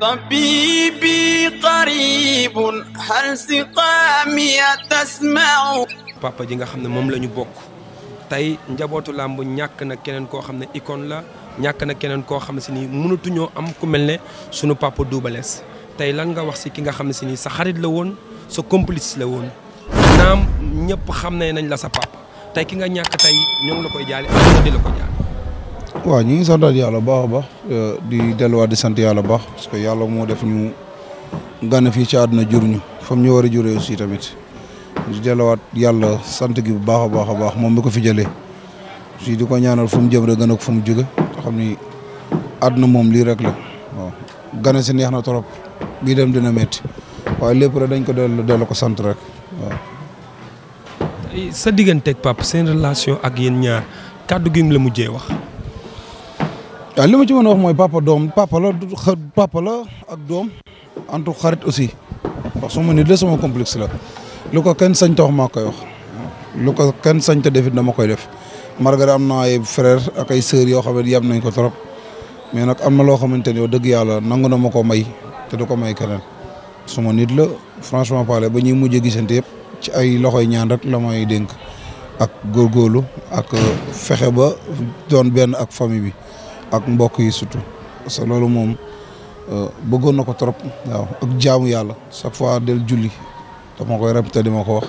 طبيبي قريب هل سقامي تسمع بابا جيغا خامن موم لا نيو بوك تاي نجابوتو لامب ñak na kenen ko xamne icône la ñak papa doubales tay lan nga wax ci ki nga xamne ni sa xarit la won sa papa tay ki nga ñak tay ñong la koy jaali ak wa ñi ngi santaat yàlla baax a baax euh, di delluwaat di sant yalla baax parce que yalla mo def ñu gan fi ci aduna jur ñu fam ñu wara juré aussi tamit di delu delluwaat yalla sant gi bu baax a baax a baax moom mi ko fi jëlé ci di ko ñaanal fu mu jëm rek gan ak fu mu jóge te xam ni àdduna moom lii rek la wa gané ci neex na trop bii dem dina metti wa lepp rek dañ ko delu delu ko sant rek wa sa digënté ak pap seen relation ak yeen ñaar kaddu gi mu la mujjé wax waaw ah, li ci mën wax papa dom? papa la papa la ak dom antu xarit aussi ndax sama nit le sama complexe la luko ken sañ ta wax wax lu defit dama koy def margar am na ay frère ak ay sœur yo xamé yam nañ ko torop mais nak am na loo yow dëgg nangu na mako may te duko may kenen suma nit la franchement parler ba ñi mujjé gisante yépp ci ay loxoy ñaan rek la may denk ak gorgolu ak fexé ba doon ben ak famille bi ak mbokk yi sutu sa lolu mom moom euh, nako torop trop waaw ak jaamu yalla sa fois del julli dama koy répété di ma ko wax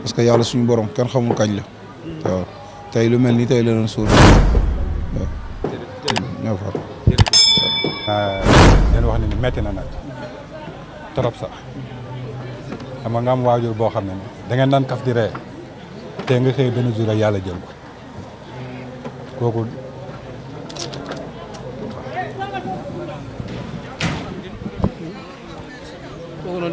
parce que yalla suñu borom ken xamul kañ la waaw tay lu mel ni tey la doon suur fa leen wax ne ni metti na nag trop sax xam nga am wajur bo xamne da ngeen nan kaf di re te nga xey benn jour yalla jël ko koku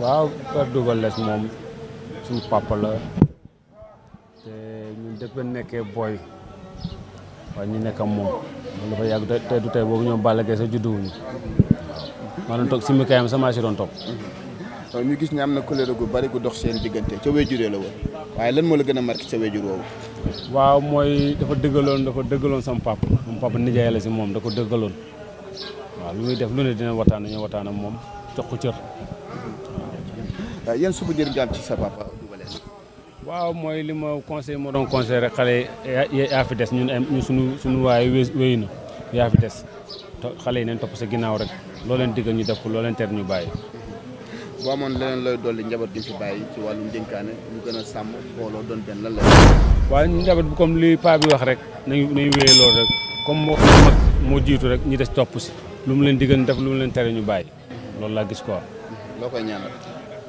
waaw Père Double moom suñu papa la te ñun nekkee booy waaye ñu nekk am moom loolu dafa yàgg tey boobu ñoom Balla Gaye sa judduwuñu maa doon toog simmi kaayam sama si doon toog. ñu gis ne am na gu bari gu dox seen diggante ca wéjuree la woon waaye lan moo la gën a marqué ca wéjur woowu. waaw mooy dafa dëggaloon dafa dëggaloon sama papa sama papa nijaay la si moom da ko dëggaloon waaw lu muy def lu ne dina waxtaan ñoo waxtaan ak moom jox ko cër. Euh, yan souvenir nga waaw mooy li ma conseil moo doon conseil rek xale yi des ñun ñun suñu suñu waaye wéy na yaa fi des xale yi nañ topp sa ginnaaw rek loo leen diggal ñu def ko loo leen ter ñu bàyyi boo amoon leneen looy dolli njaboot gi fi bàyyi ci wàllum dénkaane ñu gën a sàmm booloo doon benn lan la waaw njaboot comme li paa bi wax rek nañu nañu wéyee loolu rek comme moo mag jiitu rek ñu des topp si lu mu leen diggal def lu mu leen tere ñu bàyyi loolu laa gis quoi loo koy ñaanal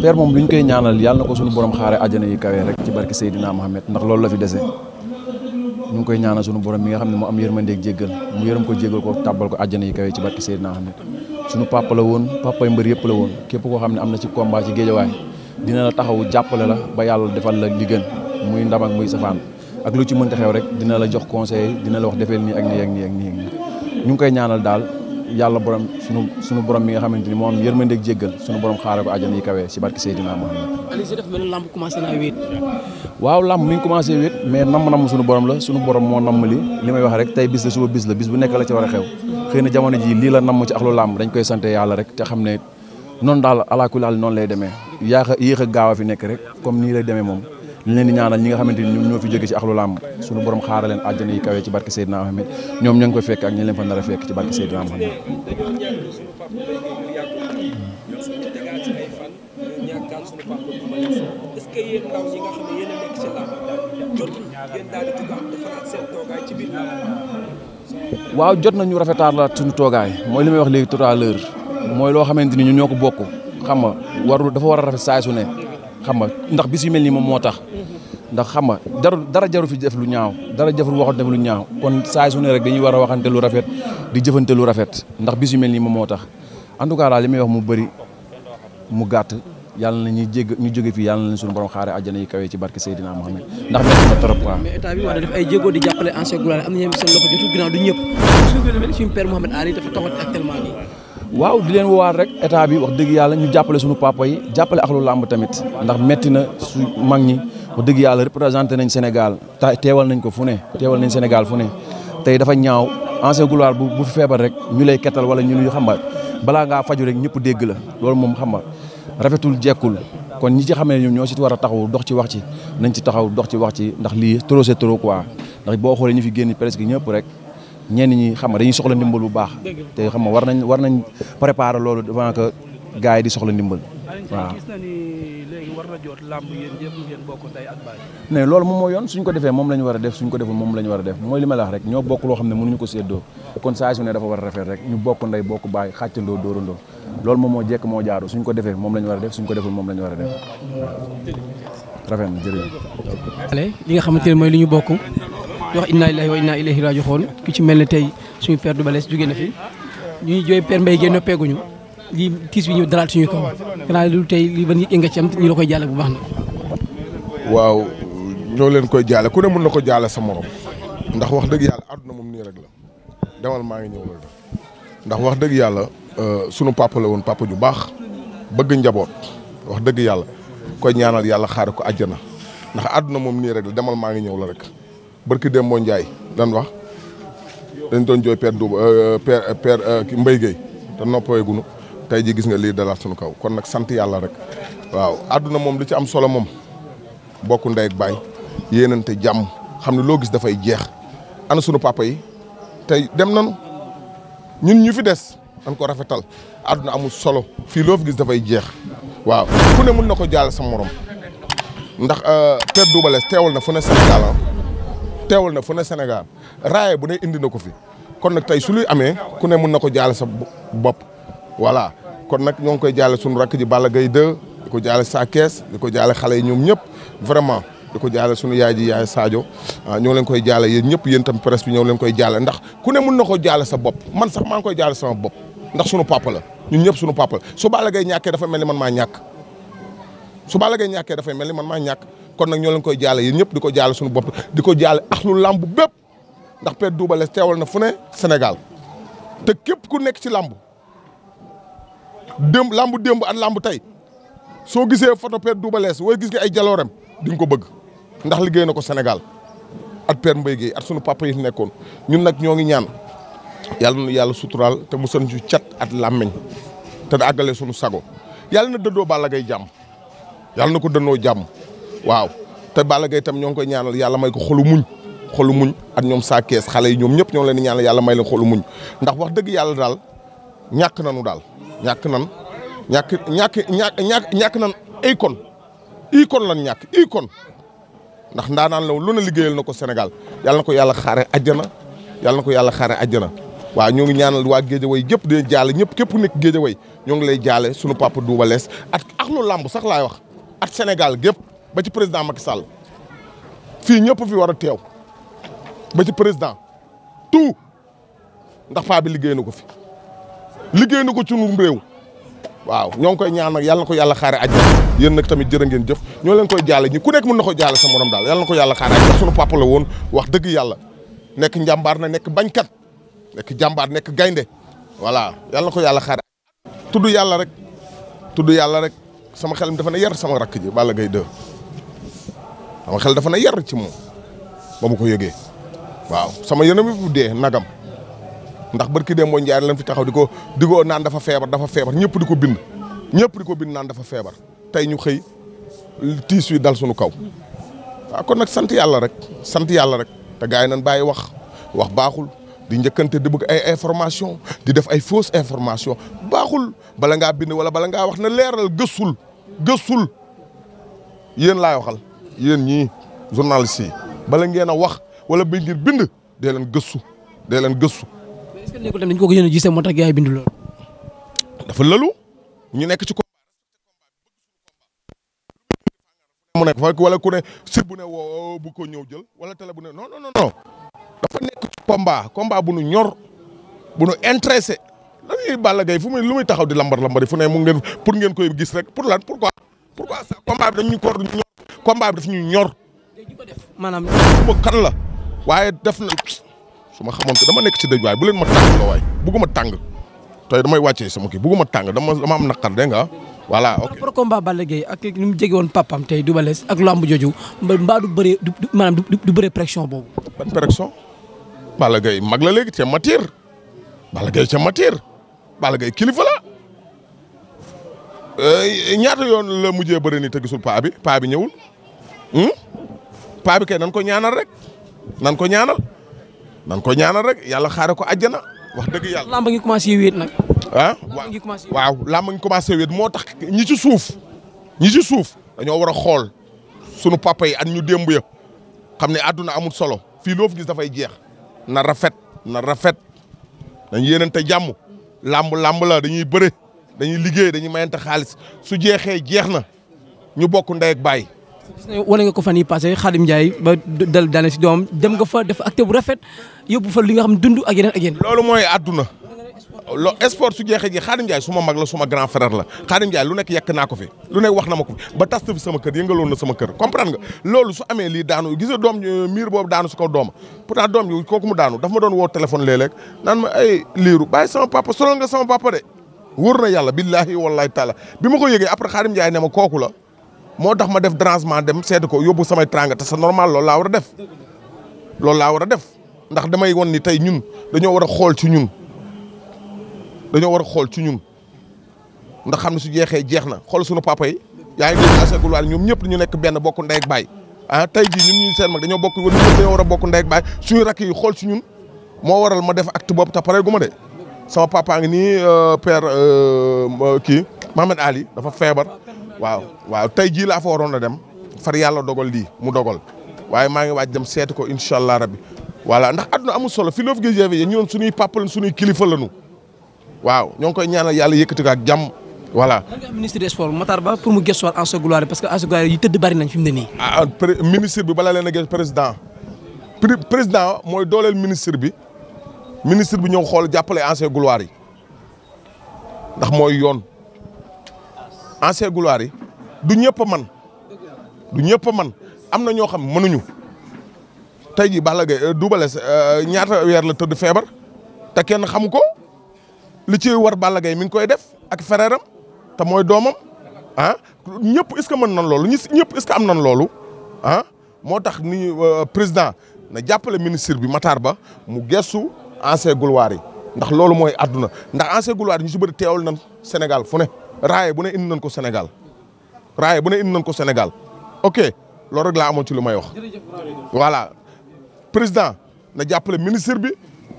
père moom lu ñu koy ñaanal yàlla na ko suñu borom xaare àjjana yi kawee rek ci barke Seydina Mohamed ndax loolu la fi dese ñu ngi koy ñaanal suñu borom mi nga xam ne moo am yërmandeeg jéggal mu yërëm ko jéggal ko tàbbal ko àjjana yi kawee ci barke Seydina Mohamed suñu papa la woon papay mbër yëpp la woon képp koo xam ne am na ci combat ci géejawaay dina la taxaw jàppale la ba yàlla defal la li muy ndam muy safaan ak lu ci mënta xew rek dina la jox conseil dina la wax defeel nii ak nii ak nii ak nii ñu ngi koy ñaanal daal yàlla borom sunu sunu borom mi nga xamante ni moo am yërmandeeg jéggal sunu borom xaaral ko àjjana yi kawee si barke Seydina Muhammad. Aliou si dafa mel ni làmb commencé naa wéet. waaw làmb mi ñu commencé wéet mais namm-namm sunu borom la sunu borom moo namm li li may wax rek tey bis la suba bis la bis bu nekk la ci war a xew xëy na jamono ji lii la namm ci axlu làmb dañ koy sante yàlla rek te xam ne noonu daal alaakulli àll noonu lay demee yaax a yéex a gaaw fi nekk rek comme nii lay demee moom ñu leen di ñi nga xamante ni ñoom ñoo fi jóge ci axlu làmb suñu borom xaara leen àjjana yi kawee ci barke Seydina Mohamed ñoom ñoo ngi koy fekk ak ñi leen fa nar a fekk ci barke Seydina Mohamed waaw jot nañu mooy li may wax léegi tout à mooy loo xamante ni ñu ñoo ko bokk xam nga warul dafa war a rafet saa su ne xam nga ndax bis yu mel nii moom moo tax ndax xam nga jarul dara jaru fi def lu ñaaw dara jarul waxante def lu ñaaw kon saa su ne rek dañuy war a waxante lu rafet di jëfante lu rafet ndax bis yu mel nii moom moo tax en tout cas daal li wax mu bëri mu gàtt yàlla na ñuy jégg ñu jóge fii yàlla na leen suñu borom xaare àjjana yi kawee ci barke Seydina Mohamed na trop quoi. mais état bi war na def ay jéego di jàppale ancien Goulane am na xam ne seen loxo jotul ginnaaw du ñëpp waaw di leen wowaal rek état bi wax dëgg yàlla ñu jàppale suñu papa yi jàppale ak lu làmb tamit ndax metti na su mag ñi wax dëgg yàlla représenté nañ Sénégal teewal nañ ko fu ne teewal nañ Sénégal fu ne tey dafa ñaaw ancien gloire bu bu feebar rek ñu lay kettal wala ñu luy xam balaa ngaa faju rek ñëpp dégg la loolu moom xam nga rafetul jekkul kon ñi ci xam ne ñoom ñoo si war a taxaw dox ci wax ci nañ ci taxaw dox ci wax ci ndax lii trop c'est trop quoi ndax boo xoolee ñu fi génn presque ñëpp rek ñenn ñi xam nga dañuy soxla ndimbal bu baax te xam nga war nañ war nañ préparer loolu avant que gars yi di soxla ndimbal waaw mais loolu moom moo yoon suñ ko defee moom la war a def suñ ko deful moom la ñu a def mooy li ma la wax rek ñoo bokk ko séddoo kon saa su ne dafa war a rafet rek ñu bokk ndey bokk baay xàccandoo moo jekk moo jaaru suñ ko defee moom la ñu war a def suñ moom la ñu war a def rafet na jërëjëf li nga ñu bokk di wax inna lillahi wa inna ilayhi raji'un ku ci mel ne tey suñu père du balees jóge na fi ñuy jooy père mbay génn noppeeguñu lii tiis bi ñu dalaat suñu kaw xanaa lu tey li ban yëg nga ci am ñu la koy jàlle bu baax na waaw ñoo leen koy jaale ku ne mën na ko jaale sa morom ndax wax dëgg yàlla àdduna moom nii rek la demal maa ngi ñëw la ndax wax dëgg yàlla euh, sunu papa la woon papa baax bëgg njaboot wax dëgg yàlla koy ñaanal yàlla xaare ko àjjana ndax àdduna moom nii rek la demal maa ngi ñëw la rek barki dem moo Ndiaye lan wax dañ doon jooy père Duba euh, père euh, père euh, Mbaye Gueye te tey ji gis nga lii dalaat suñu kaw kon nag sant yàlla rek waaw àdduna moom li ci am solo moom bokku ndey ak baay jàmm xam ne loo gis dafay jeex ana sunu papa yi tey dem nanu ñun ñu fi des dañ ko rafetal àdduna amul solo fii loo gis dafay jeex waaw na ko jaal sa morom ndax Père Doubalès teewal na fu ne Sénégal ah. teewul na fu ne Sénégal raaye bu ne indi na ko fi kon nag tey su luy amee ku ne mun na ko jaale sa bopp voilà kon nag ñoo ngi koy jaale suñu rakk ji Balla gay 2 di ko jaale sa kees di ko jaale xale yi ñoom ñëpp vraiment di ko jaale suñu yaay ji yaay Sadio ah, ñoo leen koy jaale yéen ñëpp yéen tam presse bi ñoo leen koy jaale ndax ku ne mun na ko jaale sa bopp man sax maa ngi koy jaale sama bopp ndax suñu papa la ñun ñëpp suñu papa la su Balla Gaye ñàkkee dafa mel ni man maa ñàkk su Balla Gaye ñàkkee dafay mel ni man maa ñàkk kon nak ñoo lañ koy jaalé yéen ñëpp di ko suñu bop di ko akhlu lamb làmb ndax Père Double Less teewal na fune Sénégal te képp ku nekk ci lamb dem lamb démb ak lamb tay so gisé photo Père Double Less wala gis nga ay jaloorem di nga ko bëgg ndax liggéey na Sénégal at Père mbey at sunu papa yi nekkon ñun nak ñoo ngi ñaan yalla na yalla sutural te mu sën ci at làmmeñ da àggale sago yalla na dëddo ba la gay yàlla yalla ko dëno jam waaw te bala Gaye tam ñoo ngi koy ñaanal yàlla may ko xolu muñ xolu muñ ak ñoom saa kees xale yi ñoom ñëpp ñoom leen di ñaanal yàlla may leen xolu muñ ndax wax dëgg yàlla daal ñàkk nanu daal ñàkk nan ñàkk ñàkk ñàkk ñàkk nan icône icône lan ñàkk icône ndax ndaanaan la lu na liggéeyal na ko senegal yàlla na ko yàlla xaare àjjana yàlla na ko yàlla xaare àjjana waaw ñoo ngi ñaanal waa Géejawaay gépp di jaale ñëpp képp ku nekk Géejawaay ñoo ngi lay jaale sunu papa Doubalès at ak làmb sax laay wax at Sénégal gépp ba ci président Macky Sall fii ñëpp fi war a teew ba ci président tout ndax paa bi liggéey na ko fi liggéey na ko ci nu réew waaw ñoo ngi koy ñaan nag yàlla na ko yàlla xaare àjjana yéen nag tamit jërë ngeen jëf ñoo leen koy jaale ñi ku nekk mën na ko jaale sa morom daal yàlla na ko yàlla xaare àjjana sunu papa la woon wax dëgg yàlla nekk njàmbaar na nekk bañkat nekk jàmbaar nekk gaynde voilà yàlla na ko yàlla xaare tudd yàlla rek tudd yàlla rek sama xel mi dafa ne yar sama rakk ji Balla Gaye 2 sama xel dafa na yar ci moom ba ma ko yëgee waaw sama yënam bu dee nagam ndax barki dem boo njaay lañ fi taxaw di ko di naan dafa feebar dafa feebar ñëpp di ko bind ñëpp di ko bind naan dafa feebar tey ñu xëy tiis wi dal suñu kaw waaw kon nag sant yàlla rek sant yàlla rek te gars yi nañ bàyyi wax wax baaxul di njëkkante di bëgg ay information di def ay fausse information baaxul bala ngaa bind wala bala ngaa wax na leeral gëstul gëstul yéen laay waxal yéen ñi journaliste ba la ngeena wax wala ba ngir bind de len geussu de len geussu est-ce que nekkul dem dañ ko gëna a mo moo tax gars bind lool dafa lëlu ñu nekk ci mu nekk fa wala ku ne site bu ne wo bu ko ñew jël wala tele bu ne non non non. dafa nekk ci combat combat bu nu ñor bu nu intéressé lan ñuy Balla gay fu muy lu muy taxaw di lambar lambar fu ne mu ngeen pour ngeen koy gis rek pour lan pourquoi pourquoi ça combat bi dañ ñu ko ñor combat bi daf ñu ñor. manam ma kan la waye def na su ma dama nek ci dëj way bu len ma tàng la waay bugguma tang tay damay wacce sama kii bugguma tang dama dama am nakar de nga wala ok par combat Balla Gaye ak ñu jégué won papam tay du balès ak lamb joju mbaa du bëree manam du bëree pression bobu ban pression Balla Gaye mag la léegi ci matière Balla Gaye ci matière Balla Gaye kilifa la euh, ñaata yoon la mujjé bëri ni te gisul pa bi pa bi ñewul Hmm? paa bi kay nan ko ñaanal rek nan ko ñaanal nan ko ñaanal rek yàlla xaare ko àjjana wax dëgg yàlla. làmb ngi commencé wéet nag. ah waaw làmb ngi commencé wéet moo tax ñi ci suuf ñi ci suuf dañoo war a xool sunu papa yi ak ñu démb ya xam ne àdduna amul solo fii loo fi gis dafay jeex na rafet na rafet dañ yéenante jàmm làmb làmb la dañuy bëre dañuy liggéey dañuy mayante xaalis su jeexee jeex na ñu bokk ndey ak baay wane nga ko fa nii passé Khadim Ndiaye ba dal daane si doom dem nga fa def acte bu rafet yóbbu fa li nga xam dund ak yeneen ak yeneen. loolu mooy àdduna lo sport su jeexee ji Khadim Ndiaye ma mag la suma grand frère la Khadim Ndiaye lu nekk yekk naa ko fi lu nekk wax na ma ko fi ba tast fi sama kër yëngaloon na sama kër comprendre nga loolu su amee lii daanu gis nga doom miir boobu daanu si kaw dooma pourtant doom yi kooku mu daanu daf ma doon woo téléphone léeg-léeg naan ma ay liiru bàyyi sama papa sonal nga sama papa de wóor ma ko yëgee après Khadim Ndiaye ne ma kooku la moo tax ma def dérangement dem seeti ko yóbbu samay teraanga te c'est normal loolu laa war a def loolu laa war a def ndax damay won ni tey ñun dañoo war a xool ci ñun dañoo war a xool ci ñun ndax xam ne su jeexee jeex na xool suñu papa yi yaa ngi dégg Assane Goulart ñoom ñëpp dañu nekk benn bokk ndey ah tey jii ñun ñu seen mag dañoo bokk ñëpp war a bokk ndey ak baay suñu rakk yi xool ci ñun moo waral ma def acte boobu te pare gu ma de sama papa ngi nii euh, père euh, kii Mohamed Ali dafa feebar. waaw waaw tey jii laa foo waroon a dem far yàlla dogal lii mu dogal waaye maa ngi waaj dem seeti ko incha allah rabbi voilà ndax àdduna amul solo fi loofu gis yéen ñoon suñuy papa lañ suñuy kilifa lañu waaw ñoo ngi koy ñaanal yàlla yëkkati ko ak jàmm voilà. nga ministre des sports Matar Ba pour mu gëstuwaat Ansa Goulart parce que Ansa Goulart yi tëdd bari nañ fi mu ne nii. ah, ah ministre bi bala leen a gëstu président mooy dooleel ministre bi ministre bi ñëw xool jàppale Ansa Goulart yi ndax mooy yoon. ancien gloire du ñëpp man du ñëpp man am na ñoo xam mënuñu tey jii Balla Gaye se euh, Less euh, ñaata weer la tëdd feebar te kenn xamu ko li ci war Balla Gaye mi ngi koy def ak fereeram te mooy doomam ah ñëpp est-ce que mën nan loolu ñëpp est-ce am nan loolu ah moo tax ni euh, président na jàppale ministre bi Matar Ba mu gestu ancien gloire yi ndax loolu mooy àdduna ndax ancien gloire ñu si bëri teewal nan Sénégal fu ne raaye bu ne indi nañ ko Sénégal raaye bu ne indi nañ ko Sénégal ok loolu rek laa amoon ci lu may wax. voilà président na jàppale ministre bi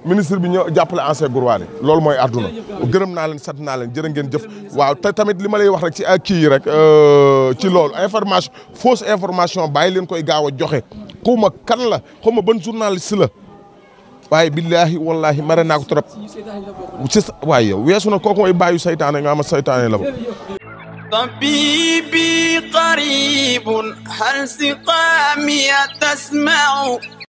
ministre bi ñëw jàppale ancien gloire yi loolu mooy àdduna gërëm naa leen sant naa leen jërë ngeen jëf waaw te tamit li ma lay wax rek ci ak kii yi rek euh, ci loolu information fausse information bàyyi leen koy gaaw a joxe xaw ma kan la xaw ma ban journaliste la. waye billahi wallahi mare naa ko trop waye waaye yow weesu na kooku mooy bàyyu saytaane nga ma saytaane la ba طبيبي قريب هل سقامي تسمع